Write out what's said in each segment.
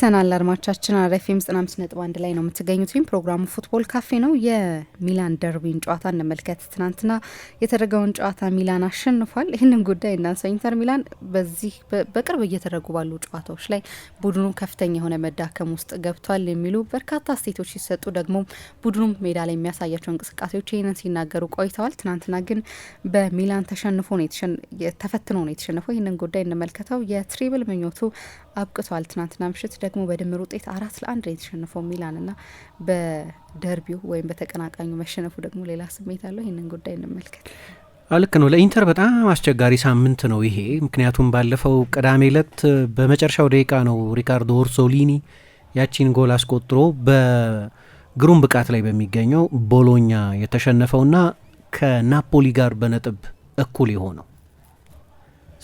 ተመልሰናል አድማቻችን አራዳ ኤፍ ኤም ዘጠና አምስት ነጥብ አንድ ላይ ነው የምትገኙት። ወይም ፕሮግራሙ ፉትቦል ካፌ ነው። የሚላን ደርቢን ጨዋታ እንመልከት። ትናንትና የተደረገውን ጨዋታ ሚላን አሸንፏል። ይህንን ጉዳይ እናንሳው። ኢንተር ሚላን በዚህ በቅርብ እየተደረጉ ባሉ ጨዋታዎች ላይ ቡድኑ ከፍተኛ የሆነ መዳከም ውስጥ ገብቷል የሚሉ በርካታ ስቴቶች ሲሰጡ ደግሞ ቡድኑም ሜዳ ላይ የሚያሳያቸው እንቅስቃሴዎች ይህንን ሲናገሩ ቆይተዋል። ትናንትና ግን በሚላን ተሸንፎ ተፈትኖ ነው የተሸነፈው። ይህንን ጉዳይ እንመልከተው። የትሪብል ምኞቱ አብቅቷል። ትናንትና ምሽት ደግሞ በድምር ውጤት አራት ለአንድ ነው የተሸነፈው ሚላንና በደርቢው ወይም በተቀናቃኙ መሸነፉ ደግሞ ሌላ ስሜት አለው። ይህንን ጉዳይ እንመልከት። አልክ ነው። ለኢንተር በጣም አስቸጋሪ ሳምንት ነው ይሄ። ምክንያቱም ባለፈው ቅዳሜ ዕለት በመጨረሻው ደቂቃ ነው ሪካርዶ ኦርሶሊኒ ያቺን ጎል አስቆጥሮ በግሩም ብቃት ላይ በሚገኘው ቦሎኛ የተሸነፈውና ከናፖሊ ጋር በነጥብ እኩል የሆነው።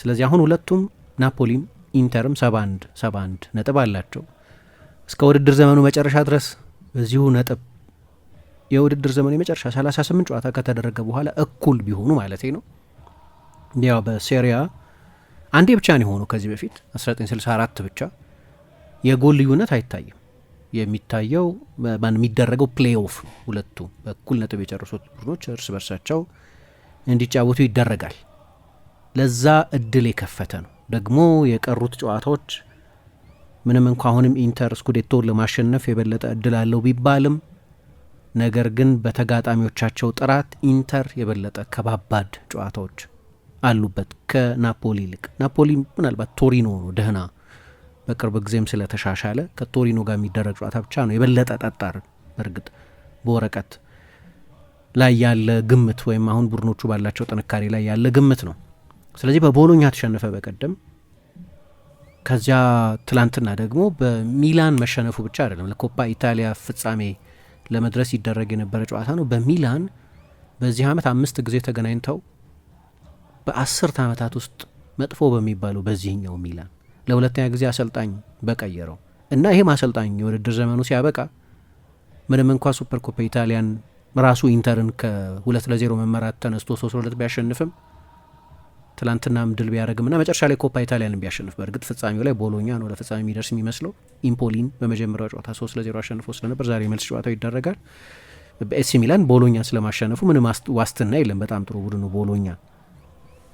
ስለዚህ አሁን ሁለቱም ናፖሊም ኢንተርም 71 71 ነጥብ አላቸው። እስከ ውድድር ዘመኑ መጨረሻ ድረስ በዚሁ ነጥብ የውድድር ዘመኑ የመጨረሻ 38 ጨዋታ ከተደረገ በኋላ እኩል ቢሆኑ ማለት ነው። ያው በሴሪያ አንዴ ብቻ ነው የሆኑ ከዚህ በፊት 1964 ብቻ የጎል ልዩነት አይታይም። የሚታየው የሚደረገው ፕሌይ ኦፍ ሁለቱ በእኩል ነጥብ የጨረሱት ቡድኖች እርስ በርሳቸው እንዲጫወቱ ይደረጋል። ለዛ እድል የከፈተ ነው። ደግሞ የቀሩት ጨዋታዎች ምንም እንኳ አሁንም ኢንተር ስኩዴቶን ለማሸነፍ የበለጠ እድል አለው ቢባልም ነገር ግን በተጋጣሚዎቻቸው ጥራት ኢንተር የበለጠ ከባባድ ጨዋታዎች አሉበት ከናፖሊ ይልቅ። ናፖሊ ምናልባት ቶሪኖ ነው ደህና በቅርብ ጊዜም ስለተሻሻለ ከቶሪኖ ጋር የሚደረግ ጨዋታ ብቻ ነው የበለጠ ጠጣር። በእርግጥ በወረቀት ላይ ያለ ግምት ወይም አሁን ቡድኖቹ ባላቸው ጥንካሬ ላይ ያለ ግምት ነው ስለዚህ በቦሎኛ ተሸነፈ በቀደም። ከዚያ ትላንትና ደግሞ በሚላን መሸነፉ ብቻ አይደለም፣ ለኮፓ ኢታሊያ ፍጻሜ ለመድረስ ይደረግ የነበረ ጨዋታ ነው። በሚላን በዚህ ዓመት አምስት ጊዜ ተገናኝተው በአስርት ዓመታት ውስጥ መጥፎ በሚባለው በዚህኛው ሚላን ለሁለተኛ ጊዜ አሰልጣኝ በቀየረው እና ይህም አሰልጣኝ የውድድር ዘመኑ ሲያበቃ ምንም እንኳ ሱፐር ኮፓ ኢታሊያን ራሱ ኢንተርን ከሁለት ለዜሮ መመራት ተነስቶ ሶስት ለሁለት ቢያሸንፍም ትላንትና ምድል ቢያደረግም ና መጨረሻ ላይ ኮፓ ኢታሊያን ቢያሸንፍ በእርግጥ ፍጻሜው ላይ ቦሎኛ ነው ለፍጻሜ የሚደርስ የሚመስለው። ኢምፖሊን በመጀመሪያው ጨዋታ ሶስት ለዜሮ አሸንፎ ስለነበር ዛሬ መልስ ጨዋታው ይደረጋል። በኤሲ ሚላን ቦሎኛ ስለማሸነፉ ምንም ዋስትና የለም። በጣም ጥሩ ቡድኑ ቦሎኛ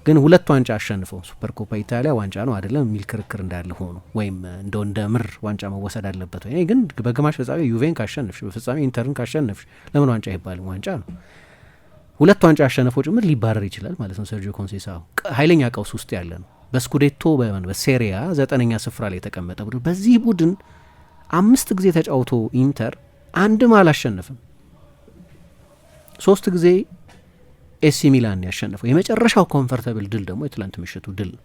ግን ሁለት ዋንጫ አሸንፈው ሱፐር ኮፓ ኢታሊያ ዋንጫ ነው አይደለም የሚል ክርክር እንዳለ ሆኖ ወይም እንደ እንደ ምር ዋንጫ መወሰድ አለበት ወይ? ግን በግማሽ ፍጻሜ ዩቬን ካሸንፍሽ፣ በፍጻሜ ኢንተርን ካሸንፍሽ ለምን ዋንጫ አይባልም? ዋንጫ ነው። ሁለት ዋንጫ ያሸነፈው ጭምር ሊባረር ይችላል ማለት ነው። ሰርጂዮ ኮንሴሳ ኃይለኛ ቀውስ ውስጥ ያለ ነው። በስኩዴቶ በሴሪያ ዘጠነኛ ስፍራ ላይ የተቀመጠ ቡድን። በዚህ ቡድን አምስት ጊዜ ተጫውቶ ኢንተር አንድም አላሸነፍም። ሶስት ጊዜ ኤሲ ሚላን ያሸነፈው የመጨረሻው ኮንፈርታብል ድል ደግሞ የትላንት ምሽቱ ድል ነው።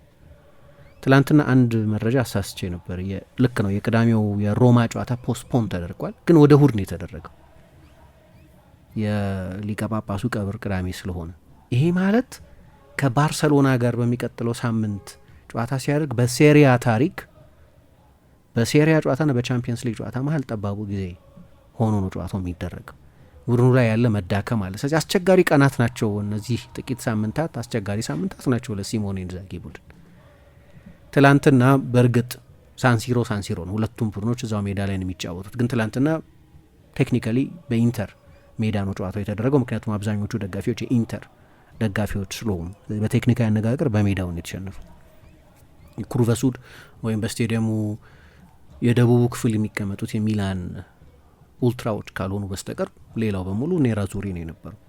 ትላንትና አንድ መረጃ አሳስቼ ነበር። ልክ ነው። የቅዳሜው የሮማ ጨዋታ ፖስፖን ተደርጓል፣ ግን ወደ እሁድ ነው የተደረገው። የሊቀ ጳጳሱ ቀብር ቅዳሜ ስለሆነ ይሄ ማለት ከባርሰሎና ጋር በሚቀጥለው ሳምንት ጨዋታ ሲያደርግ በሴሪያ ታሪክ በሴሪያ ጨዋታና በቻምፒየንስ ሊግ ጨዋታ መሀል ጠባቡ ጊዜ ሆኖ ነው ጨዋታው የሚደረገው። ቡድኑ ላይ ያለ መዳከም አለ። ስለዚህ አስቸጋሪ ቀናት ናቸው እነዚህ ጥቂት ሳምንታት፣ አስቸጋሪ ሳምንታት ናቸው ለሲሞኔ ኢንዛጊ ቡድን። ትላንትና በእርግጥ ሳንሲሮ ሳንሲሮ ነው፣ ሁለቱም ቡድኖች እዛው ሜዳ ላይ ነው የሚጫወቱት። ግን ትላንትና ቴክኒካሊ በኢንተር ሜዳ ነው ጨዋታው የተደረገው። ምክንያቱም አብዛኞቹ ደጋፊዎች የኢንተር ደጋፊዎች ስለሆኑ በቴክኒካዊ አነጋገር በሜዳው ነው የተሸነፉ። ኩርቨሱድ ወይም በስቴዲየሙ የደቡቡ ክፍል የሚቀመጡት የሚላን ኡልትራዎች ካልሆኑ በስተቀር ሌላው በሙሉ ኔራ ዙሪ ነው የነበረው፣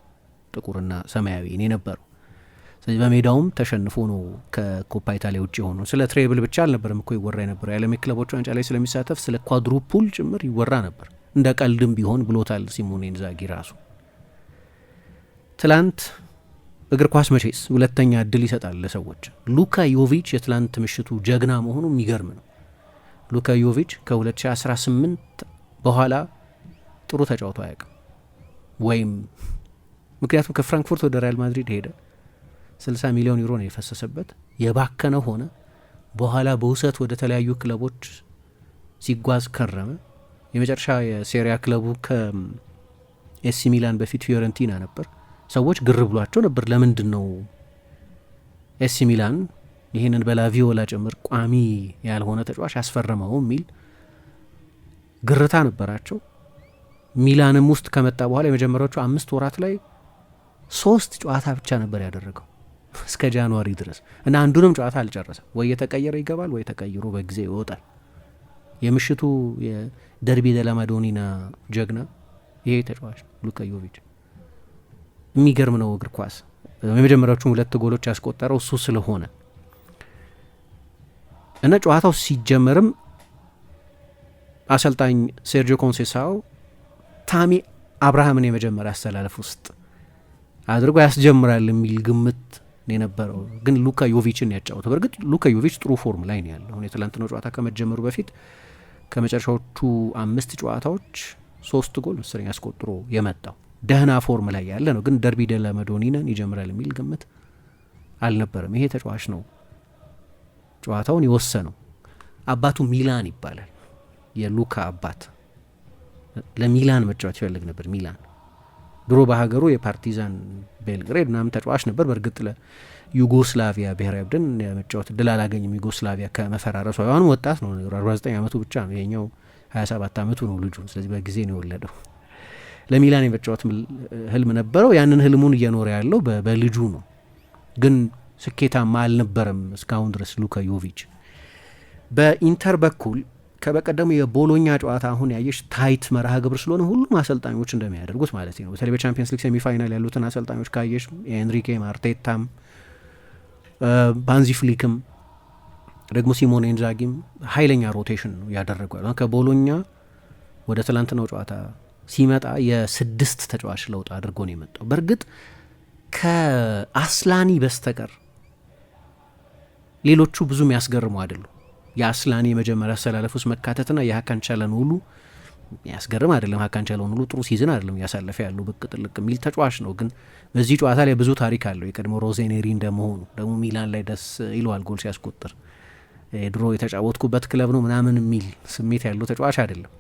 ጥቁርና ሰማያዊ ነው የነበረው። ስለዚህ በሜዳውም ተሸንፎ ነው ከኮፓ ኢታሊያ ውጭ የሆኑ። ስለ ትሬብል ብቻ አልነበረም እኮ ይወራ የነበረው። የዓለም ዋንጫ ላይ ስለሚሳተፍ ስለ ኳድሩፑል ጭምር ይወራ ነበር። እንደ ቀልድም ቢሆን ብሎታል ሲሞኔ ኢንዛጊ ራሱ። ትላንት እግር ኳስ መቼስ ሁለተኛ እድል ይሰጣል ለሰዎች። ሉካ ዮቪች የትላንት ምሽቱ ጀግና መሆኑ የሚገርም ነው። ሉካ ዮቪች ከ2018 በኋላ ጥሩ ተጫውቶ አያውቅም። ወይም ምክንያቱም ከፍራንክፉርት ወደ ሪያል ማድሪድ ሄደ፣ 60 ሚሊዮን ዩሮ ነው የፈሰሰበት፣ የባከነ ሆነ። በኋላ በውሰት ወደ ተለያዩ ክለቦች ሲጓዝ ከረመ። የመጨረሻ የሴሪያ ክለቡ ከኤሲ ሚላን በፊት ፊዮረንቲና ነበር። ሰዎች ግር ብሏቸው ነበር። ለምንድን ነው ኤሲ ሚላን ይህንን በላቪዮላ ጭምር ቋሚ ያልሆነ ተጫዋች ያስፈረመው የሚል ግርታ ነበራቸው። ሚላንም ውስጥ ከመጣ በኋላ የመጀመሪያዎቹ አምስት ወራት ላይ ሶስት ጨዋታ ብቻ ነበር ያደረገው እስከ ጃንዋሪ ድረስ እና አንዱንም ጨዋታ አልጨረሰም። ወይ የተቀየረ ይገባል፣ ወይ ተቀይሮ በጊዜ ይወጣል። የምሽቱ የደርቢ ደላ ጀግና ይሄ ተጫዋች ነው ሉካ ዮቪች። የሚገርም ነው እግር ኳስ። የመጀመሪያዎቹም ሁለት ጎሎች ያስቆጠረው እሱ ስለሆነ እና ጨዋታው ሲጀመርም አሰልጣኝ ሴርጆ ኮንሴሳው ታሚ አብርሃምን የመጀመሪያ አስተላለፍ ውስጥ አድርጎ ያስጀምራል የሚል ግምት የነበረው ግን ሉካ ዮቪችን ያጫወተው። በእርግጥ ሉካ ዮቪች ጥሩ ፎርም ላይ ነው ያለው። የትላንትናው ጨዋታ ከመጀመሩ በፊት ከመጨረሻዎቹ አምስት ጨዋታዎች ሶስት ጎል መሰለኝ አስቆጥሮ የመጣው ደህና ፎርም ላይ ያለ ነው። ግን ደርቢ ደለ መዶኒነን ይጀምራል የሚል ግምት አልነበረም። ይሄ ተጫዋች ነው ጨዋታውን የወሰነው። አባቱ ሚላን ይባላል፣ የሉካ አባት ለሚላን መጫወት ይፈልግ ነበር ሚላን ድሮ በሀገሩ የፓርቲዛን ቤልግሬድ ምናምን ተጫዋች ነበር። በእርግጥ ለዩጎስላቪያ ብሔራዊ ቡድን የመጫወት ድል አላገኝም። ዩጎስላቪያ ከመፈራረሱ አሁን ወጣት ነው፣ 49 ዓመቱ ብቻ ነው። ይሄኛው 27 ዓመቱ ነው ልጁ። ስለዚህ በጊዜ ነው የወለደው። ለሚላን የመጫወት ህልም ነበረው። ያንን ህልሙን እየኖረ ያለው በልጁ ነው። ግን ስኬታማ አልነበረም እስካሁን ድረስ ሉካ ዮቪች በኢንተር በኩል ከበቀደሙ የቦሎኛ ጨዋታ አሁን ያየሽ ታይት መርሃ ግብር ስለሆነ ሁሉም አሰልጣኞች እንደሚያደርጉት ማለት ነው። በተለይ በቻምፒየንስ ሊግ ሴሚፋይናል ያሉትን አሰልጣኞች ካየሽ የኤንሪኬ ማርቴታም፣ ባንዚ ፍሊክም ደግሞ ሲሞኔ ኢንዛጊም ኃይለኛ ሮቴሽን ነው ያደረጉ ያሉ ከቦሎኛ ወደ ትላንትናው ጨዋታ ሲመጣ የስድስት ተጫዋች ለውጥ አድርጎ ነው የመጣው። በእርግጥ ከአስላኒ በስተቀር ሌሎቹ ብዙ የሚያስገርሙ አይደሉም። የአስላን የመጀመሪያ አሰላለፍ ውስጥ መካተትና የሀካን ቻለን ሁሉ ያስገርም አይደለም። ሀካን ቻለን ሁሉ ጥሩ ሲዝን አይደለም እያሳለፈ ያለው ብቅ ጥልቅ የሚል ተጫዋች ነው። ግን በዚህ ጨዋታ ላይ ብዙ ታሪክ አለው። የቀድሞ ሮዜኔሪ እንደመሆኑ ደግሞ ሚላን ላይ ደስ ይለዋል ጎል ሲያስቆጥር ድሮ የተጫወትኩበት ክለብ ነው ምናምን የሚል ስሜት ያለው ተጫዋች አይደለም።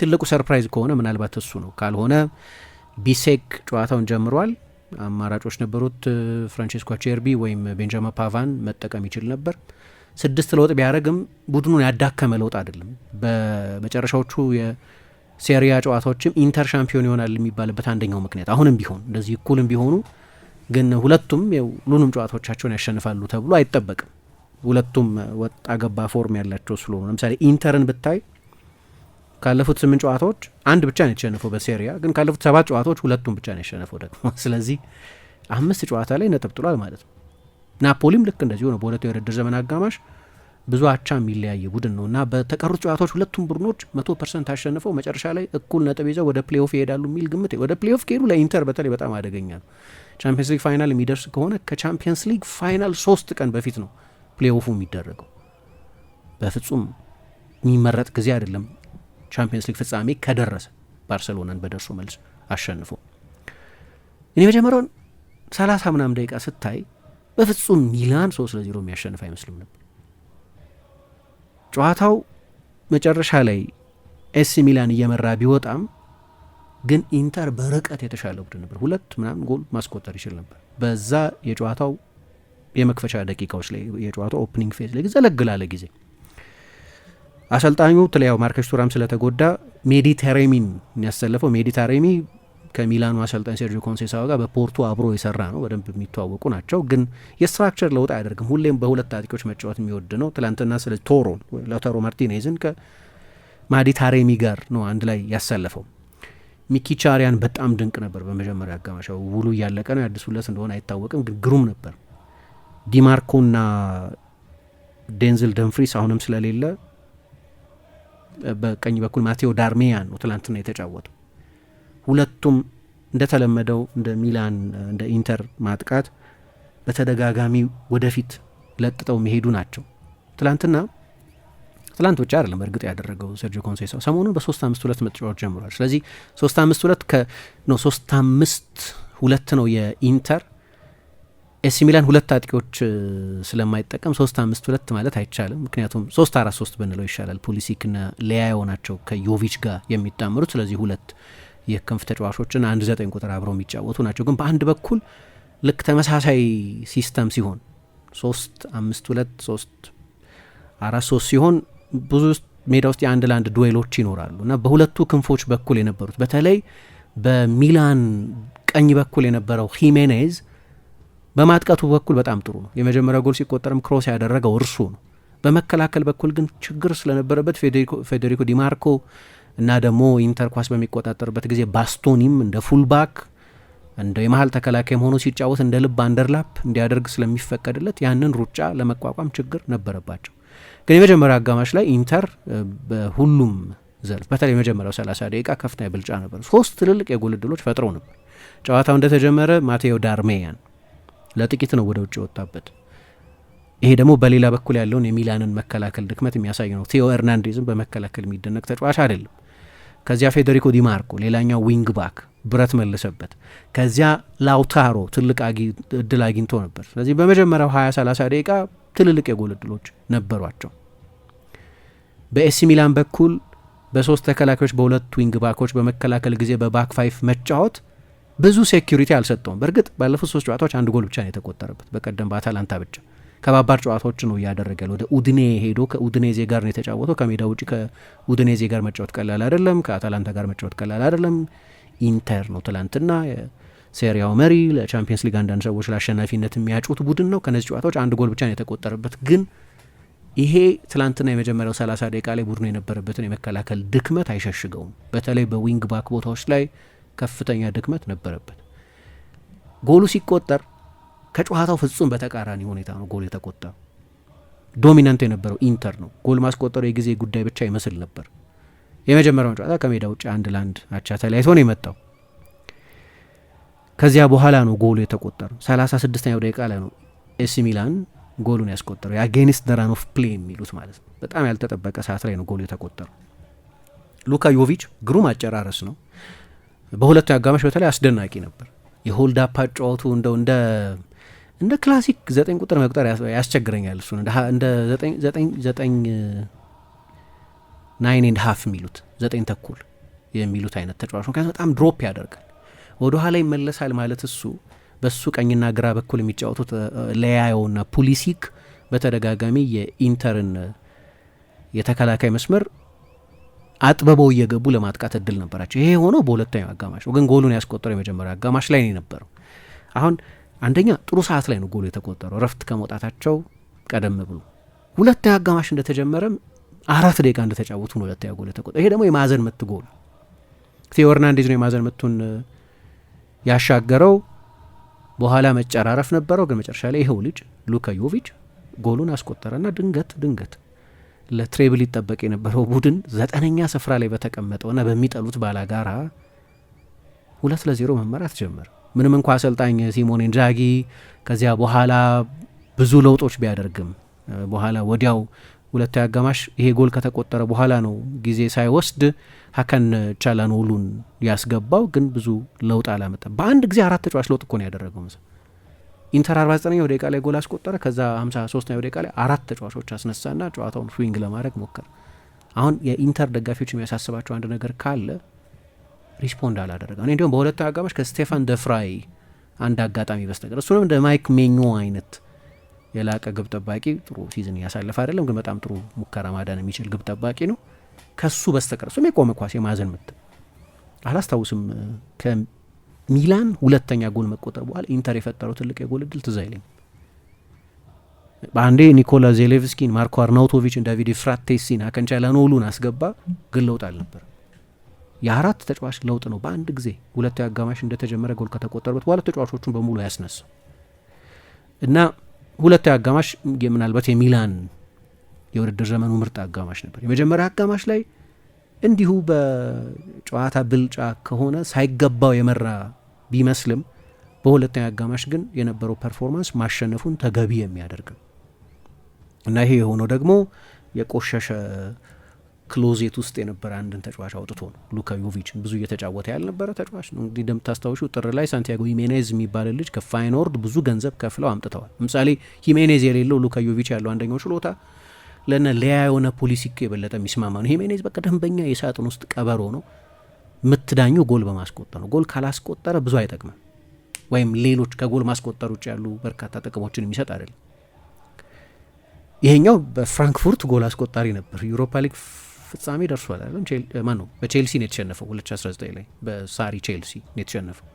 ትልቁ ሰርፕራይዝ ከሆነ ምናልባት እሱ ነው። ካልሆነ ቢሴክ ጨዋታውን ጀምሯል። አማራጮች ነበሩት። ፍራንቼስኮ ቼርቢ ወይም ቤንጃማ ፓቫን መጠቀም ይችል ነበር። ስድስት ለውጥ ቢያደርግም ቡድኑን ያዳከመ ለውጥ አይደለም። በመጨረሻዎቹ የሴሪያ ጨዋታዎችም ኢንተር ሻምፒዮን ይሆናል የሚባልበት አንደኛው ምክንያት አሁንም ቢሆን እንደዚህ እኩልም ቢሆኑ ግን ሁለቱም ሁሉንም ጨዋታዎቻቸውን ያሸንፋሉ ተብሎ አይጠበቅም። ሁለቱም ወጣ ገባ ፎርም ያላቸው ስለሆኑ ለምሳሌ ኢንተርን ብታይ ካለፉት ስምንት ጨዋታዎች አንድ ብቻ ነው የተሸነፈው በሴሪያ ግን ካለፉት ሰባት ጨዋታዎች ሁለቱም ብቻ ነው ያሸነፈው ደግሞ ስለዚህ አምስት ጨዋታ ላይ ነጥብ ጥሏል ማለት ነው። ናፖሊም ልክ እንደዚሁ ነው። በሁለቱ የውድድር ዘመን አጋማሽ ብዙ አቻ የሚለያየ ቡድን ነው እና በተቀሩት ጨዋታዎች ሁለቱም ቡድኖች መቶ ፐርሰንት አሸንፈው መጨረሻ ላይ እኩል ነጥብ ይዘው ወደ ፕሌኦፍ ይሄዳሉ የሚል ግምት ወደ ፕሌኦፍ ከሄዱ ለኢንተር በተለይ በጣም አደገኛ ነው። ቻምፒየንስ ሊግ ፋይናል የሚደርስ ከሆነ ከቻምፒየንስ ሊግ ፋይናል ሶስት ቀን በፊት ነው ፕሌኦፉ የሚደረገው። በፍጹም የሚመረጥ ጊዜ አይደለም። ቻምፒየንስ ሊግ ፍጻሜ ከደረሰ ባርሰሎናን በደርሶ መልስ አሸንፎ እኔ መጀመሪያውን ሰላሳ ምናምን ደቂቃ ስታይ በፍጹም ሚላን ሶስት ለዜሮ የሚያሸንፍ አይመስልም ነበር። ጨዋታው መጨረሻ ላይ ኤሲ ሚላን እየመራ ቢወጣም ግን ኢንተር በርቀት የተሻለ ቡድን ነበር። ሁለት ምናምን ጎል ማስቆጠር ይችል ነበር። በዛ የጨዋታው የመክፈቻ ደቂቃዎች ላይ የጨዋታው ኦፕኒንግ ፌዝ ላይ ዘለግ ላለ ጊዜ አሰልጣኙ ትለያው ማርከሽ ቱራም ስለተጎዳ ሜዲ ታሬሚን ያሰለፈው። ሜዲ ታሬሚ ከሚላኑ አሰልጣኝ ሴርጂዮ ኮንሴሳዋ ጋር በፖርቱ አብሮ የሰራ ነው። በደንብ የሚተዋወቁ ናቸው። ግን የስትራክቸር ለውጥ አያደርግም። ሁሌም በሁለት አጥቂዎች መጫወት የሚወድ ነው። ትላንትና ስለ ቶሮ ላውታሮ ማርቲኔዝን ከማዲ ታሬሚ ጋር ነው አንድ ላይ ያሳለፈው። ሚኪቻሪያን በጣም ድንቅ ነበር። በመጀመሪያ አጋማሽ ውሉ እያለቀ ነው። ያድሱለት እንደሆነ አይታወቅም፣ ግን ግሩም ነበር። ዲማርኮና ዴንዝል ደንፍሪስ አሁንም ስለሌለ በቀኝ በኩል ማቴዎ ዳርሜያን ነው ትላንትና የተጫወቱ ሁለቱም እንደተለመደው እንደ ሚላን እንደ ኢንተር ማጥቃት በተደጋጋሚ ወደፊት ለጥጠው መሄዱ ናቸው። ትላንትና ትላንት ብቻ አይደለም እርግጥ ያደረገው ሰርጂዮ ኮንሴሳው ሰሞኑን በሶስት አምስት ሁለት መጫወት ጀምሯል። ስለዚህ ሶስት አምስት ሁለት ነው ሶስት አምስት ሁለት ነው የኢንተር ኤሲ ሚላን ሁለት አጥቂዎች ስለማይጠቀም ሶስት አምስት ሁለት ማለት አይቻልም። ምክንያቱም ሶስት አራት ሶስት ብንለው ይሻላል። ፑሊሲክና ሊያየው ናቸው ከዮቪች ጋር የሚጣምሩት። ስለዚህ ሁለት የክንፍ ተጫዋቾችን አንድ ዘጠኝ ቁጥር አብረው የሚጫወቱ ናቸው። ግን በአንድ በኩል ልክ ተመሳሳይ ሲስተም ሲሆን ሶስት አምስት ሁለት ሶስት አራት ሶስት ሲሆን ብዙ ሜዳ ውስጥ የአንድ ለአንድ ዱዌሎች ይኖራሉ እና በሁለቱ ክንፎች በኩል የነበሩት በተለይ በሚላን ቀኝ በኩል የነበረው ሂሜኔዝ በማጥቃቱ በኩል በጣም ጥሩ ነው። የመጀመሪያው ጎል ሲቆጠርም ክሮስ ያደረገው እርሱ ነው። በመከላከል በኩል ግን ችግር ስለነበረበት ፌዴሪኮ ዲማርኮ እና ደግሞ ኢንተር ኳስ በሚቆጣጠርበት ጊዜ ባስቶኒም እንደ ፉልባክ እንደ የመሀል ተከላካይም ሆኖ ሲጫወት እንደ ልብ አንደርላፕ እንዲያደርግ ስለሚፈቀድለት ያንን ሩጫ ለመቋቋም ችግር ነበረባቸው። ግን የመጀመሪያ አጋማሽ ላይ ኢንተር በሁሉም ዘርፍ በተለይ የመጀመሪያው 30 ደቂቃ ከፍተኛ ብልጫ ነበር። ሶስት ትልልቅ የጎል እድሎች ፈጥረው ነበር። ጨዋታው እንደተጀመረ ማቴዮ ዳርሜያን ለጥቂት ነው ወደ ውጭ የወጣበት። ይሄ ደግሞ በሌላ በኩል ያለውን የሚላንን መከላከል ድክመት የሚያሳይ ነው። ቴዮ ኤርናንዴዝም በመከላከል የሚደነቅ ተጫዋች አይደለም። ከዚያ ፌዴሪኮ ዲማርኮ ሌላኛው ዊንግ ባክ ብረት መለሰበት። ከዚያ ላውታሮ ትልቅ እድል አግኝቶ ነበር። ስለዚህ በመጀመሪያው 20 30 ደቂቃ ትልልቅ የጎል እድሎች ነበሯቸው። በኤሲ ሚላን በኩል በሶስት ተከላካዮች በሁለት ዊንግ ባኮች በመከላከል ጊዜ በባክ ፋይፍ መጫወት ብዙ ሴኪሪቲ አልሰጠውም። በእርግጥ ባለፉት ሶስት ጨዋታዎች አንድ ጎል ብቻ ነው የተቆጠረበት፣ በቀደም በአታላንታ ብቻ ከባባድ ጨዋታዎች ነው እያደረገ ወደ ኡድኔ ሄዶ ከኡድኔዜ ጋር ነው የተጫወተው። ከሜዳ ውጭ ከኡድኔዜ ጋር መጫወት ቀላል አይደለም። ከአታላንታ ጋር መጫወት ቀላል አይደለም። ኢንተር ነው ትላንትና ሴሪያው መሪ ለቻምፒየንስ ሊግ አንዳንድ ሰዎች ለአሸናፊነት የሚያጩት ቡድን ነው። ከነዚህ ጨዋታዎች አንድ ጎል ብቻ ነው የተቆጠረበት። ግን ይሄ ትላንትና የመጀመሪያው 30 ደቂቃ ላይ ቡድኑ የነበረበትን የመከላከል ድክመት አይሸሽገውም። በተለይ በዊንግ ባክ ቦታዎች ላይ ከፍተኛ ድክመት ነበረበት። ጎሉ ሲቆጠር ከጨዋታው ፍጹም በተቃራኒ ሁኔታ ነው ጎል የተቆጠረው። ዶሚናንት የነበረው ኢንተር ነው። ጎል ማስቆጠሩ የጊዜ ጉዳይ ብቻ ይመስል ነበር። የመጀመሪያውን ጨዋታ ከሜዳ ውጭ አንድ ለአንድ አቻ ተለያይቶ ነው የመጣው። ከዚያ በኋላ ነው ጎሉ የተቆጠረው ሰላሳ ስድስተኛው ደቂቃ ላይ ነው ኤሲ ሚላን ጎሉን ያስቆጠረው። የአጌኒስት ደራን ኦፍ ፕሌይ የሚሉት ማለት ነው። በጣም ያልተጠበቀ ሰዓት ላይ ነው ጎሉ የተቆጠረው። ሉካ ዮቪች ግሩም አጨራረስ ነው። በሁለቱ አጋማሽ በተለይ አስደናቂ ነበር። የሆልድ አፕ ጨዋቱ እንደው እንደ እንደ ክላሲክ ዘጠኝ ቁጥር መቁጠር ያስቸግረኛል። እሱን እንደ ዘጠኝ ናይን ኤንድ ሀፍ የሚሉት ዘጠኝ ተኩል የሚሉት አይነት ተጫዋች ምክንያቱ በጣም ድሮፕ ያደርጋል፣ ወደ ኋላ ይመለሳል ማለት እሱ በሱ ቀኝና ግራ በኩል የሚጫወቱት ለያየውና ፑሊሲክ በተደጋጋሚ የኢንተርን የተከላካይ መስመር አጥበበው እየገቡ ለማጥቃት እድል ነበራቸው። ይሄ ሆኖ በሁለተኛው አጋማሽ ግን ጎሉን ያስቆጠረው የመጀመሪያ አጋማሽ ላይ ነው የነበረው አሁን አንደኛ ጥሩ ሰዓት ላይ ነው ጎሉ የተቆጠረው እረፍት ከመውጣታቸው ቀደም ብሎ፣ ሁለተኛ አጋማሽ እንደተጀመረም አራት ደቂቃ እንደተጫወቱ ነው ሁለተኛ ጎል የተቆጠረ። ይሄ ደግሞ የማዘን ምት ጎል ቴዮ ሄርናንዴዝ ነው የማዘን ምቱን ያሻገረው። በኋላ መጨራረፍ ነበረው፣ ግን መጨረሻ ላይ ይኸው ልጅ ሉካ ዮቪች ጎሉን አስቆጠረና ድንገት ድንገት ለትሬብል ይጠበቅ የነበረው ቡድን ዘጠነኛ ስፍራ ላይ በተቀመጠውና በሚጠሉት ባላጋራ ሁለት ለዜሮ መመራት ጀመረ። ምንም እንኳ አሰልጣኝ ሲሞኔ ኢንዛጊ ከዚያ በኋላ ብዙ ለውጦች ቢያደርግም በኋላ ወዲያው ሁለቱ አጋማሽ ይሄ ጎል ከተቆጠረ በኋላ ነው ጊዜ ሳይወስድ ሀካን ቻላኖሉን ያስገባው። ግን ብዙ ለውጥ አላመጣም። በአንድ ጊዜ አራት ተጫዋች ለውጥ እኮ ነው ያደረገው። መስ ኢንተር 49ኛው ደቂቃ ላይ ጎል አስቆጠረ። ከዛ 53ኛው ደቂቃ ላይ አራት ተጫዋቾች አስነሳና ጨዋታውን ስዊንግ ለማድረግ ሞከረ። አሁን የኢንተር ደጋፊዎች የሚያሳስባቸው አንድ ነገር ካለ ሪስፖንድ አላደረገ። እኔ እንዲሁም በሁለቱ አጋማሽ ከስቴፋን ደፍራይ አንድ አጋጣሚ በስተቀር እሱንም እንደ ማይክ ሜኞ አይነት የላቀ ግብ ጠባቂ ጥሩ ሲዝን እያሳለፈ አይደለም፣ ግን በጣም ጥሩ ሙከራ ማዳን የሚችል ግብ ጠባቂ ነው። ከሱ በስተቀር እሱም የቆመ ኳስ የማዘን ምት አላስታውስም። ከሚላን ሁለተኛ ጎል መቆጠር በኋላ ኢንተር የፈጠረው ትልቅ የጎል እድል ትዝ አይለኝም። በአንዴ ኒኮላ ዜሌቭስኪን፣ ማርኮ አርናውቶቪችን፣ ዳቪድ ፍራቴሲን፣ አከንቻላኖሉን አስገባ፣ ግን ለውጥ አልነበር የአራት ተጫዋች ለውጥ ነው በአንድ ጊዜ ሁለተኛው አጋማሽ እንደተጀመረ ጎል ከተቆጠሩበት በኋላ ተጫዋቾቹን በሙሉ ያስነሳ እና ሁለተኛው አጋማሽ ምናልባት የሚላን የውድድር ዘመኑ ምርጥ አጋማሽ ነበር። የመጀመሪያ አጋማሽ ላይ እንዲሁ በጨዋታ ብልጫ ከሆነ ሳይገባው የመራ ቢመስልም በሁለተኛ አጋማሽ ግን የነበረው ፐርፎርማንስ ማሸነፉን ተገቢ የሚያደርግ እና ይሄ የሆነው ደግሞ የቆሸሸ ክሎዜት ውስጥ የነበረ አንድን ተጫዋች አውጥቶ ነው። ሉካ ዮቪችን ብዙ እየተጫወተ ያልነበረ ተጫዋች ነው። እንግዲህ እንደምታስታውሹ ጥር ላይ ሳንቲያጎ ሂሜኔዝ የሚባል ልጅ ከፋይኖርድ ብዙ ገንዘብ ከፍለው አምጥተዋል። ለምሳሌ ሂሜኔዝ የሌለው ሉካ ዮቪች ያለው አንደኛው ችሎታ ለነ ሊያ የሆነ ፖሊሲክ የበለጠ የሚስማማ ነው። ሂሜኔዝ በቃ ደንበኛ የሳጥን ውስጥ ቀበሮ ነው። ምትዳኙ ጎል በማስቆጠር ነው። ጎል ካላስቆጠረ ብዙ አይጠቅምም፣ ወይም ሌሎች ከጎል ማስቆጠር ውጭ ያሉ በርካታ ጥቅሞችን የሚሰጥ አይደለም። ይሄኛው በፍራንክፉርት ጎል አስቆጣሪ ነበር ዩሮፓ ሊግ ፍጻሜ ደርሷል አይደለም? ማን ነው በቼልሲ ነው የተሸነፈው 2019 ላይ በሳሪ ቼልሲ ነው የተሸነፈው።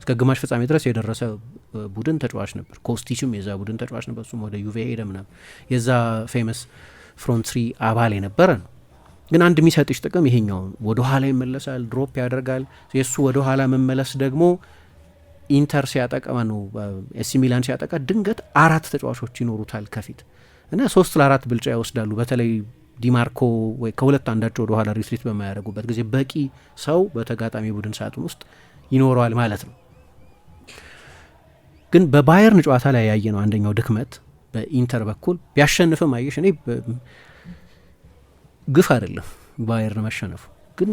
እስከ ግማሽ ፍጻሜ ድረስ የደረሰ ቡድን ተጫዋች ነበር። ኮስቲችም የዛ ቡድን ተጫዋች ነበር። እሱም ወደ ዩቬ ሄደ ምናምን የዛ ፌመስ ፍሮንት አባል የነበረ ነው። ግን አንድ የሚሰጥሽ ጥቅም ይሄኛው ወደኋላ ይመለሳል፣ ድሮፕ ያደርጋል። የእሱ ወደኋላ መመለስ ደግሞ ኢንተር ሲያጠቃ ነው ኤሲ ሚላን ሲያጠቃ ድንገት አራት ተጫዋቾች ይኖሩታል ከፊት እና ሶስት ለአራት ብልጫ ይወስዳሉ በተለይ ዲማርኮ ወይ ከሁለት አንዳቸው ወደ ኋላ ሪትሪት በማያደርጉበት ጊዜ በቂ ሰው በተጋጣሚ ቡድን ሳጥን ውስጥ ይኖረዋል ማለት ነው። ግን በባየርን ጨዋታ ላይ ያየ ነው አንደኛው ድክመት በኢንተር በኩል ቢያሸንፍም አየሽ እኔ ግፍ አይደለም ባየርን መሸነፉ፣ ግን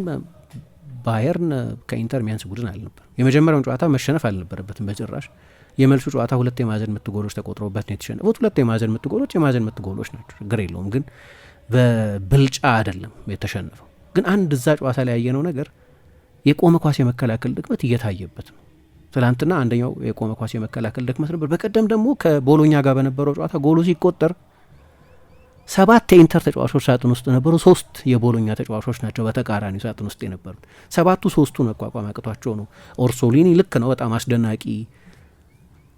ባየርን ከኢንተር የሚያንስ ቡድን አልነበር። የመጀመሪያውን ጨዋታ መሸነፍ አልነበረበትም በጭራሽ። የመልሱ ጨዋታ ሁለት የማዘን ምትጎሎች ተቆጥሮበት ነው የተሸነፉት። ሁለት የማዘን ምትጎሎች የማዘን ምትጎሎች ናቸው፣ ችግር የለውም ግን በብልጫ አይደለም የተሸነፈው። ግን አንድ እዛ ጨዋታ ላይ ያየነው ነገር የቆመ ኳስ የመከላከል ድክመት እየታየበት ነው። ትላንትና አንደኛው የቆመ ኳስ የመከላከል ድክመት ነበር። በቀደም ደግሞ ከቦሎኛ ጋር በነበረው ጨዋታ ጎሉ ሲቆጠር ሰባት የኢንተር ተጫዋቾች ሳጥን ውስጥ ነበሩ። ሶስት የቦሎኛ ተጫዋቾች ናቸው በተቃራኒ ሳጥን ውስጥ የነበሩት። ሰባቱ ሶስቱ መቋቋም አቅቷቸው ነው። ኦርሶሊኒ ልክ ነው፣ በጣም አስደናቂ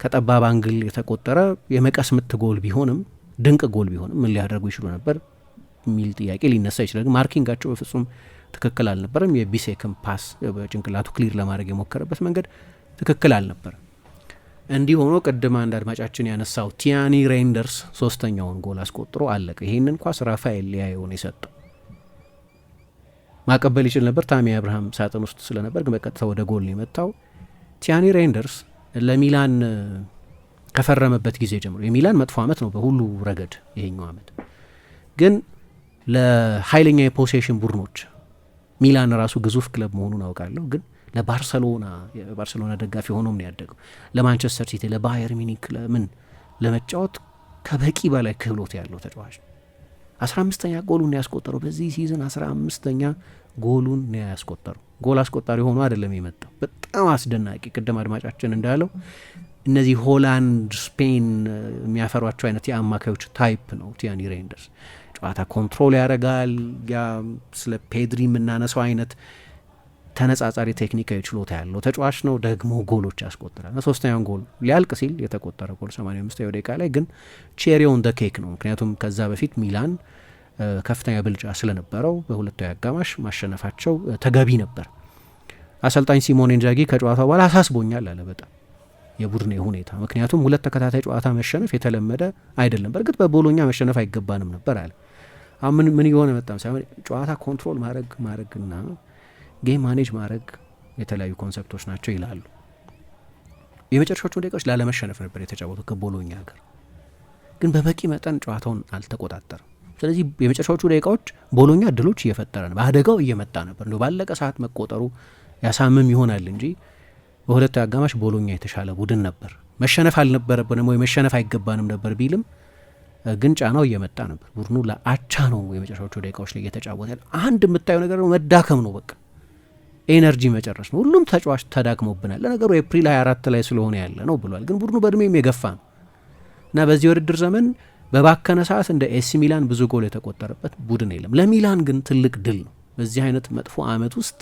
ከጠባብ አንግል የተቆጠረ የመቀስ ምት ጎል ቢሆንም ድንቅ ጎል ቢሆንም ምን ሊያደርጉ ይችሉ ነበር? የሚል ጥያቄ ሊነሳ ይችላል። ግን ማርኪንጋቸው በፍጹም ትክክል አልነበረም። የቢሴክም ፓስ በጭንቅላቱ ክሊር ለማድረግ የሞከረበት መንገድ ትክክል አልነበረም። እንዲህ ሆኖ ቅድም አንድ አድማጫችን ያነሳው ቲያኒ ሬይንደርስ ሶስተኛውን ጎል አስቆጥሮ አለቀ። ይህንን ኳስ ራፋኤል ሊያየውን የሰጠው ማቀበል ይችል ነበር። ታሚ አብርሃም ሳጥን ውስጥ ስለነበር ግን በቀጥታ ወደ ጎል የመታው ቲያኒ ሬንደርስ ለሚላን ከፈረመበት ጊዜ ጀምሮ የሚላን መጥፎ አመት ነው በሁሉ ረገድ ይሄኛው አመት ግን ለኃይለኛ የፖሴሽን ቡድኖች ሚላን ራሱ ግዙፍ ክለብ መሆኑን አውቃለሁ፣ ግን ለባርሰሎና የባርሰሎና ደጋፊ ሆኖም ነው ያደገው። ለማንቸስተር ሲቲ፣ ለባየር ሚኒክ ለምን ለመጫወት ከበቂ በላይ ክህሎት ያለው ተጫዋች ነው። አስራ አምስተኛ ጎሉን ነው ያስቆጠረው በዚህ ሲዝን አስራ አምስተኛ ጎሉን ነው ያስቆጠረው። ጎል አስቆጣሪ ሆኖ አይደለም የመጣው። በጣም አስደናቂ ቅድም አድማጫችን እንዳለው እነዚህ ሆላንድ፣ ስፔን የሚያፈሯቸው አይነት የአማካዮች ታይፕ ነው ቲያኒ ሬንደርስ ጨዋታ ኮንትሮል ያደርጋል። ያ ስለ ፔድሪ የምናነሳው አይነት ተነጻጻሪ ቴክኒካዊ ችሎታ ያለው ተጫዋች ነው። ደግሞ ጎሎች ያስቆጥራል። ሶስተኛውን ጎል ሊያልቅ ሲል የተቆጠረ ጎል 85ኛው ደቂቃ ላይ ግን ቼሪውን ኦን ደ ኬክ ነው። ምክንያቱም ከዛ በፊት ሚላን ከፍተኛ ብልጫ ስለነበረው በሁለታዊ አጋማሽ ማሸነፋቸው ተገቢ ነበር። አሰልጣኝ ሲሞኔ ኢንዛጊ ከጨዋታ በኋላ አሳስቦኛል አለ በጣም የቡድኔ ሁኔታ ምክንያቱም ሁለት ተከታታይ ጨዋታ መሸነፍ የተለመደ አይደለም። በእርግጥ በቦሎኛ መሸነፍ አይገባንም ነበር አለ አሁን ምን ምን እየሆነ መጣም ሳይሆን ጨዋታ ኮንትሮል ማድረግ ማድረግና ጌም ማኔጅ ማድረግ የተለያዩ ኮንሰፕቶች ናቸው ይላሉ። የመጨረሻዎቹ ደቂቃዎች ላለመሸነፍ ነበር የተጫወቱ ከቦሎኛ ጋር ግን በበቂ መጠን ጨዋታውን አልተቆጣጠርም። ስለዚህ የመጨረሻዎቹ ደቂቃዎች ቦሎኛ ድሎች እየፈጠረ ነው፣ በአደጋው እየመጣ ነበር። እንደ ባለቀ ሰዓት መቆጠሩ ያሳምም ይሆናል እንጂ በሁለቱ አጋማሽ ቦሎኛ የተሻለ ቡድን ነበር። መሸነፍ አልነበረብንም ወይ መሸነፍ አይገባንም ነበር ቢልም ግን ጫናው እየመጣ ነበር። ቡድኑ ለአቻ ነው የመጨረሻዎቹ ደቂቃዎች ላይ እየተጫወተ ያለ። አንድ የምታየው ነገር መዳከም ነው፣ በቃ ኤነርጂ መጨረስ ነው። ሁሉም ተጫዋች ተዳክሞብናል። ለነገሩ ኤፕሪል 24 ላይ ስለሆነ ያለ ነው ብሏል። ግን ቡድኑ በእድሜም የገፋ ነው እና በዚህ ውድድር ዘመን በባከነ ሰዓት እንደ ኤሲ ሚላን ብዙ ጎል የተቆጠረበት ቡድን የለም። ለሚላን ግን ትልቅ ድል ነው። በዚህ አይነት መጥፎ አመት ውስጥ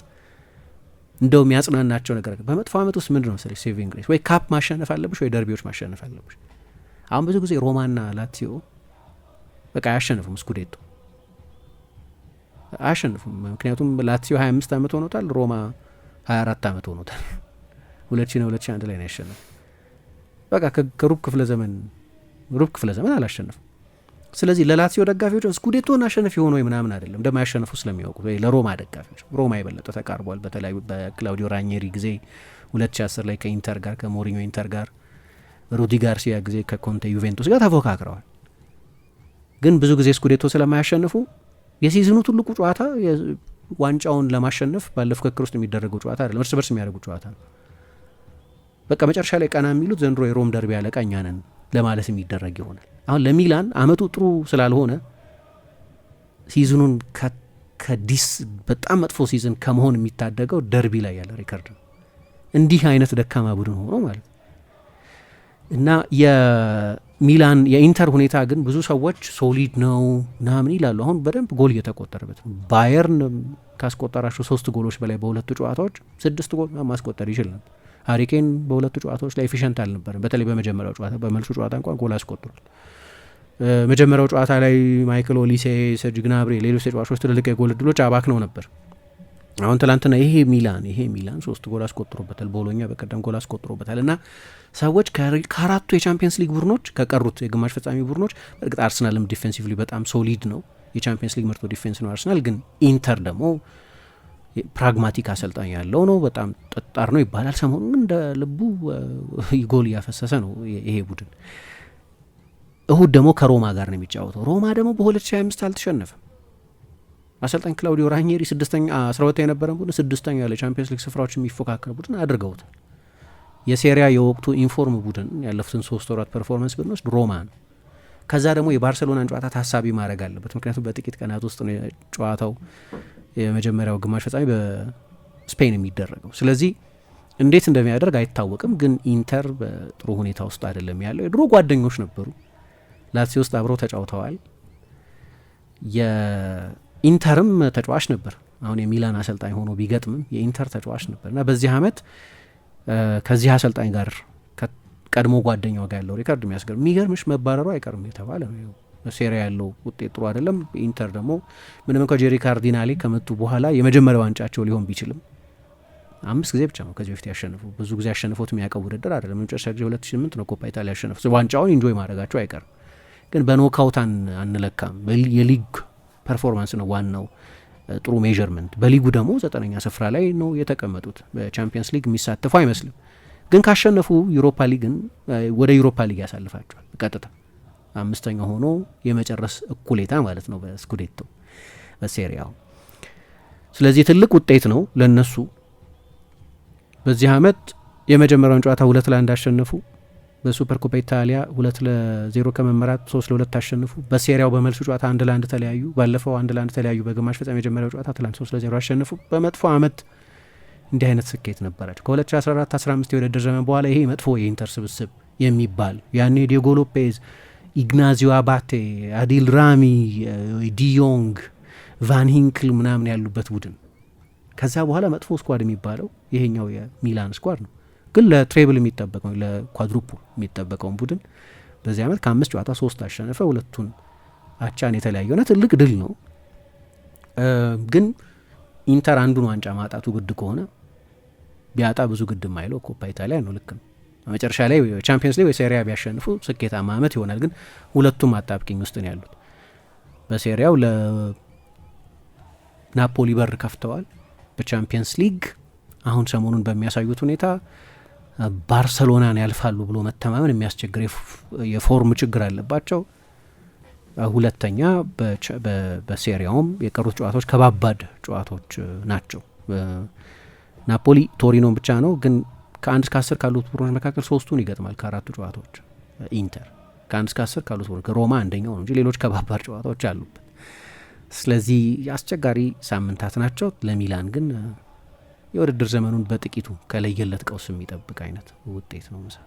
እንደው የሚያጽናናቸው ነገር በመጥፎ አመት ውስጥ ምንድን ነው መሰለሽ ሴቪንግ ግሬስ ወይ ካፕ ማሸነፍ አለብሽ ወይ ደርቢዎች ማሸነፍ አለብሽ አሁን ብዙ ጊዜ ሮማና ላትሲዮ በቃ አያሸንፉም ስኩዴቶ አያሸንፉም። ምክንያቱም ላትሲዮ 25 ዓመት ሆኖታል፣ ሮማ 24 ዓመት ሆኖታል። 2000 2001 ላይ ነው ያሸነፉ። በቃ ከሩብ ክፍለ ዘመን ሩብ ክፍለ ዘመን አላሸነፉም። ስለዚህ ለላትሲዮ ደጋፊዎች ስኩዴቶን አሸነፍ የሆነ ወይ ምናምን አይደለም እንደማያሸንፉ ስለሚያውቁት ወይ ለሮማ ደጋፊዎች ሮማ የበለጠ ተቃርቧል። በተለያዩ በክላውዲዮ ራኘሪ ጊዜ 2010 ላይ ከኢንተር ጋር ከሞሪኞ ኢንተር ጋር ሩዲ ጋርሲያ ጊዜ ከኮንቴ ዩቬንቱስ ጋር ተፎካክረዋል። ግን ብዙ ጊዜ ስኩዴቶ ስለማያሸንፉ የሲዝኑ ትልቁ ጨዋታ ዋንጫውን ለማሸነፍ ባለ ፍክክር ውስጥ የሚደረገው ጨዋታ አይደለም፣ እርስ በርስ የሚያደርጉ ጨዋታ ነው። በቃ መጨረሻ ላይ ቀና የሚሉት ዘንድሮ የሮም ደርቢ ያለቃ እኛ ነን ለማለት የሚደረግ ይሆናል። አሁን ለሚላን አመቱ ጥሩ ስላልሆነ ሲዝኑን ከዲስ በጣም መጥፎ ሲዝን ከመሆን የሚታደገው ደርቢ ላይ ያለ ሪከርድ ነው። እንዲህ አይነት ደካማ ቡድን ሆኖ ማለት ነው። እና የሚላን የኢንተር ሁኔታ ግን ብዙ ሰዎች ሶሊድ ነው ምናምን ይላሉ። አሁን በደንብ ጎል እየተቆጠረበት ባየርን ካስቆጠራቸው ሶስት ጎሎች በላይ በሁለቱ ጨዋታዎች ስድስት ጎል ማስቆጠር ይችል ነበር። ሀሪኬን በሁለቱ ጨዋታዎች ላይ ኤፊሽንት አልነበረም። በተለይ በመጀመሪያው ጨዋታ በመልሱ ጨዋታ እንኳን ጎል አስቆጥሯል። መጀመሪያው ጨዋታ ላይ ማይክል ኦሊሴ፣ ሰርጅ ግናብሬ፣ ሌሎች ተጫዋቾች ትልልቅ የጎል እድሎች አባክነው ነበር። አሁን ትላንትና ይሄ ሚላን ይሄ ሚላን ሶስት ጎል አስቆጥሮበታል። ቦሎኛ በቀደም ጎል አስቆጥሮበታል። እና ሰዎች ከአራቱ የቻምፒየንስ ሊግ ቡድኖች ከቀሩት የግማሽ ፍጻሜ ቡድኖች በእርግጥ አርሰናልም ዲፌንሲቭሊ በጣም ሶሊድ ነው። የቻምፒየንስ ሊግ ምርጡ ዲፌንስ ነው አርሰናል። ግን ኢንተር ደግሞ ፕራግማቲክ አሰልጣኝ ያለው ነው። በጣም ጠጣር ነው ይባላል። ሰሞኑን እንደ ልቡ ጎል እያፈሰሰ ነው ይሄ ቡድን። እሁድ ደግሞ ከሮማ ጋር ነው የሚጫወተው። ሮማ ደግሞ በ2025 አልተሸነፈም። አሰልጣኝ ክላውዲዮ ራኒሪ ስድስተኛ አስራ ሁለተኛ የነበረን ቡድን ስድስተኛ ለቻምፒየንስ ሊግ ስፍራዎች የሚፎካከር ቡድን አድርገውታል። የሴሪያ የወቅቱ ኢንፎርም ቡድን ያለፉትን ሶስት ወራት ፐርፎርማንስ ብንወስድ ሮማ ነው። ከዛ ደግሞ የባርሴሎናን ጨዋታ ታሳቢ ማድረግ አለበት። ምክንያቱም በጥቂት ቀናት ውስጥ ነው ጨዋታው የመጀመሪያው ግማሽ ፈጻሚ በስፔን የሚደረገው። ስለዚህ እንዴት እንደሚያደርግ አይታወቅም። ግን ኢንተር በጥሩ ሁኔታ ውስጥ አይደለም ያለው። የድሮ ጓደኞች ነበሩ፣ ላሲ ውስጥ አብረው ተጫውተዋል። ኢንተርም ተጫዋች ነበር። አሁን የሚላን አሰልጣኝ ሆኖ ቢገጥምም የኢንተር ተጫዋች ነበር እና በዚህ አመት ከዚህ አሰልጣኝ ጋር ቀድሞ ጓደኛው ጋር ያለው ሪካርድ የሚያስገርም የሚገርምሽ መባረሩ አይቀርም የተባለ ነው። ሴሪያ ያለው ውጤት ጥሩ አይደለም። ኢንተር ደግሞ ምንም እንኳ ጄሪ ካርዲናሌ ከመጡ በኋላ የመጀመሪያ ዋንጫቸው ሊሆን ቢችልም አምስት ጊዜ ብቻ ነው ከዚህ በፊት ያሸንፉ ብዙ ጊዜ ያሸንፎት የሚያውቀው ውድድር አይደለም። መጨረሻ ጊዜ ሁለት ሺህ ስምንት ነው ኮፓ ኢታሊያ ያሸንፉ። ዋንጫውን ኢንጆይ ማድረጋቸው አይቀርም፣ ግን በኖካውት አንለካም። የሊግ ፐርፎርማንስ ነው ዋናው ጥሩ ሜዥርመንት። በሊጉ ደግሞ ዘጠነኛ ስፍራ ላይ ነው የተቀመጡት። በቻምፒየንስ ሊግ የሚሳተፉ አይመስልም፣ ግን ካሸነፉ ዩሮፓ ሊግን ወደ ዩሮፓ ሊግ ያሳልፋቸዋል ቀጥታ አምስተኛ ሆኖ የመጨረስ እኩሌታ ማለት ነው በስኩዴቶ በሴሪያው። ስለዚህ ትልቅ ውጤት ነው ለነሱ። በዚህ አመት የመጀመሪያውን ጨዋታ ሁለት ለአንድ አሸነፉ። በሱፐር ኮፓ ኢታሊያ ሁለት ለዜሮ ከመመራት ሶስት ለሁለት ታሸንፉ። በሴሪያው በመልሱ ጨዋታ አንድ ለአንድ ተለያዩ። ባለፈው አንድ ለአንድ ተለያዩ በግማሽ ፍጻሜ የመጀመሪያው ጨዋታ ትላንት ሶስት ለዜሮ አሸንፉ። በመጥፎ ዓመት እንዲህ አይነት ስኬት ነበራቸው። ከ2014 15 የውድድር ዘመን በኋላ ይሄ መጥፎ የኢንተር ስብስብ የሚባል ያኔ ዲዮጎ ሎፔዝ፣ ኢግናዚዮ አባቴ፣ አዲል ራሚ፣ ዲዮንግ፣ ቫን ሂንክል ምናምን ያሉበት ቡድን ከዛ በኋላ መጥፎ ስኳድ የሚባለው ይሄኛው የሚላን ስኳድ ነው። ግን ለትሬብል የሚጠበቀው ለኳድሩፕል የሚጠበቀውን ቡድን በዚህ ዓመት ከአምስት ጨዋታ ሶስት አሸነፈ፣ ሁለቱን አቻን የተለያየ ሆነ። ትልቅ ድል ነው። ግን ኢንተር አንዱን ዋንጫ ማጣቱ ግድ ከሆነ ቢያጣ ብዙ ግድ የማይለው ኮፓ ኢታሊያ ነው። ልክ ነው። መጨረሻ ላይ ቻምፒየንስ ሊግ ወይ ሴሪያ ቢያሸንፉ ስኬታማ ዓመት ይሆናል። ግን ሁለቱም አጣብቂኝ ውስጥ ነው ያሉት። በሴሪያው ለናፖሊ በር ከፍተዋል። በቻምፒየንስ ሊግ አሁን ሰሞኑን በሚያሳዩት ሁኔታ ባርሰሎናን ያልፋሉ ብሎ መተማመን የሚያስቸግር የፎርም ችግር አለባቸው። ሁለተኛ በሴሪያውም የቀሩት ጨዋታዎች ከባባድ ጨዋታዎች ናቸው። ናፖሊ ቶሪኖን ብቻ ነው ግን ከአንድ እስከ አስር ካሉት ቡድኖች መካከል ሶስቱን ይገጥማል ከአራቱ ጨዋታዎች። ኢንተር ከአንድ እስከ አስር ካሉት ቡድኖች ሮማ አንደኛው ነው እንጂ ሌሎች ከባባድ ጨዋታዎች አሉበት። ስለዚህ አስቸጋሪ ሳምንታት ናቸው። ለሚላን ግን የውድድር ዘመኑን በጥቂቱ ከለየለት ቀውስ የሚጠብቅ አይነት ውጤት ነው ምሳ